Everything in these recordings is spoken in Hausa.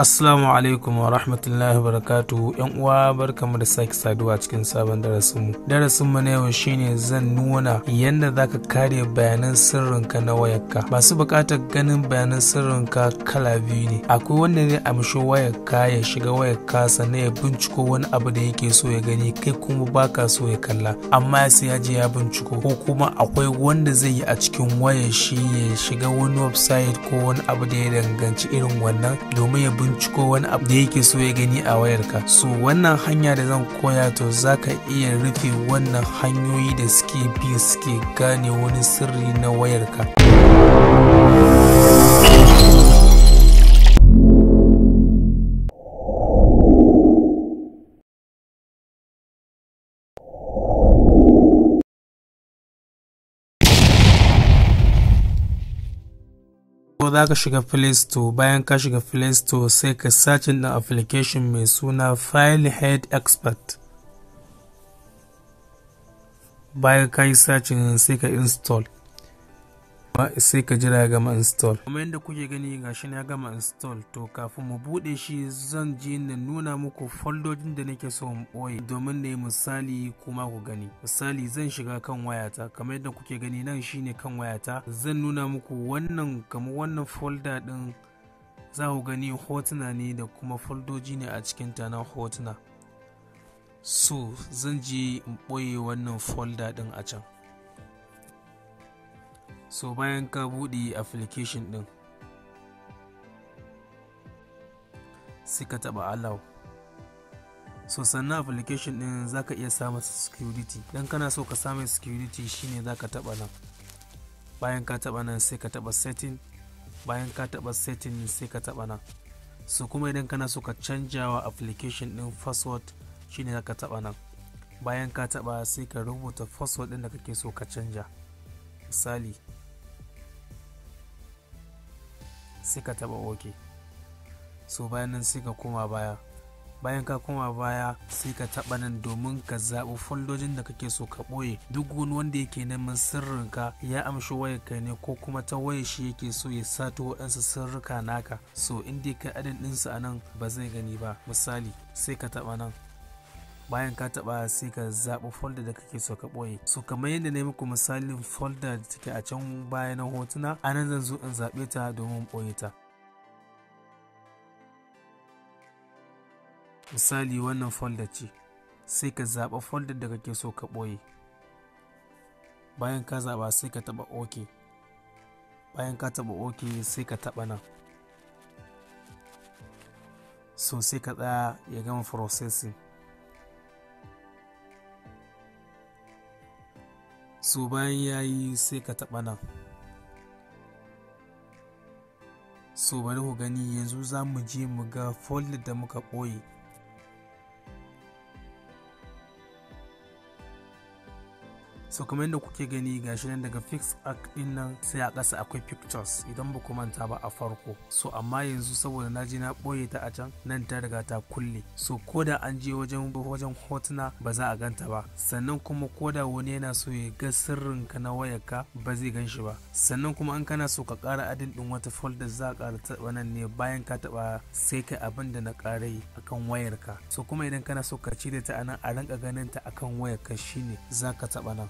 Assalamu alaikum wa rahmatullahi barakatu ‘yan uwa barkamu da sake saduwa cikin sabon darasinmu. mu na yau shine zan nuna yadda za ka kare bayanan sirrinka na wayarka. Masu buƙatar ganin bayanan sirrinka kala biyu ne. Akwai wanda zai amshi wayarka ya shiga wayarka sannan ya binciko wani abu da yake so ya gani kai kuma baka so ya kalla amma sai ya je ya binciko ko kuma akwai wanda zai yi a cikin wayar shi ya shiga wani website ko wani abu da ya danganci irin wannan domin ya binciko binciko wani abu da yake so ya gani a wayarka so wannan hanya da zan koya to zaka iya rufe wannan hanyoyi da suke bi suke gane wani sirri na wayarka farko za ka shiga Play Store bayan ka shiga Play Store sai ka sacin ɗin application mai suna head Expert. Bayan ka yi sacin sai ka install. sai ka jira ya gama install kuma yadda kuke gani gashi na ya gama install to kafin mu bude shi zan je na nuna muku foldojin da nake so in boye domin na yi misali kuma ku gani misali zan shiga kan wayata kamar yadda kuke gani nan shine kan wayata zan nuna muku wannan kamar wannan folder din za ku gani hotuna ne da kuma foldoji ne a cikin ta na hotuna so zan je in boye wannan folder din a can so bayan ka buɗe application ɗin sai ka taɓa allow so sannan application ɗin za ka iya samun security don kana so ka samun security shine za ka taɓa nan bayan ka taɓa nan sai ka taɓa setting bayan ka taɓa setting sai ka taɓa nan so kuma idan kana so ka canja wa application ɗin password shine za ka taɓa nan bayan ka taba sai ka rubuta password din da kake so ka canja misali sai ka taɓa so bayan nan suka koma baya bayan ka koma baya sai ka taɓa nan domin ka zaɓi foldojin da kake so ka ɓoye duk wani wanda yake neman ka ya amshi wayar ka ne ko kuma ta waya shi yake so ya sato waɗansu sirrika naka so inda dai ka adin ɗinsu a nan ba zai gani ba misali sai ka taɓa nan bayan ka taba sai ka zaɓi folder da kake so ka ɓoye so kamar yadda na yi muku misalin folda da take a can baya na hotuna a nan zan zo in zaɓe ta domin ɓoye ta misali wannan folder ce sai ka zaɓa folder da kake so ka ɓoye bayan ka zaɓa sai ka taɓa ok bayan ka taɓa ok sai ka taɓa nan so sai ka tsaya ya gama processing so bayan ya yi sai ka taɓa nan so bari ku gani yanzu za mu je mu ga folder da muka ɓoye so kamar yadda kuke gani gashi nan daga fix arc din nan sai a kasa akwai pictures idan ba ku manta ba a farko so amma yanzu saboda na je na ɓoye ta a can nan ta riga ta kulle so koda an je wajen wajen hotuna ba za a ganta ba sannan kuma koda wani yana so ya ga sirrin ka na wayarka ba zai gan shi ba sannan kuma an kana so ka kara adin din wata folder za a ƙara taɓa nan ne bayan ka taɓa sai kai abin da na ƙara yi akan wayarka so kuma idan kana so ka cire ta a nan a rinka ganin ta akan wayarka shine za ka taɓa nan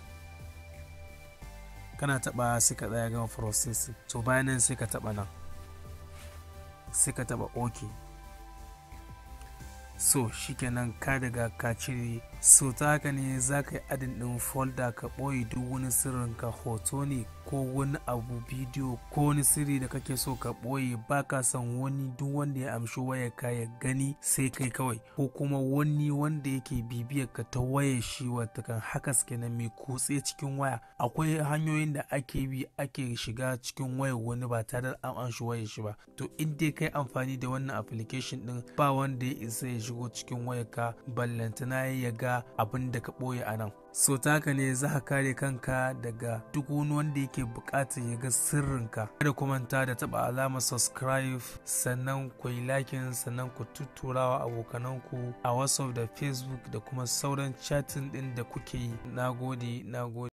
kana taba sai ka tsaya gama processing to bayan nan sai ka taba nan sai ka taba ok so shikenan ka daga ka cire so ta haka ne za ka yi adin ɗin folda ka ɓoye duk wani sirrin ka hoto ne ko wani abu bidiyo ko wani sirri da kake so ka ɓoye ba ka san wani duk wanda ya amshi wayar ka ya gani sai kai kawai ko kuma wani wanda yake bibiyar ka ta wayar shi wata kan haka suke na mai kutse cikin waya akwai hanyoyin da ake bi ake shiga cikin wayar wani ba tare da an amshi wayar shi ba to in dai kai amfani da wannan application ɗin ba wanda ya isa ya shigo cikin wayar ka ballantana ya ga ga abin da ka ɓoye a nan so taka ne za ka kare kanka daga duk wani wanda yake bukatar ya ga sirrinka kada ku manta da taɓa alama subscribe sannan ku yi likin sannan ku tuturawa abokananku a whatsapp da facebook da kuma sauran chatting ɗin da kuke yi na gode.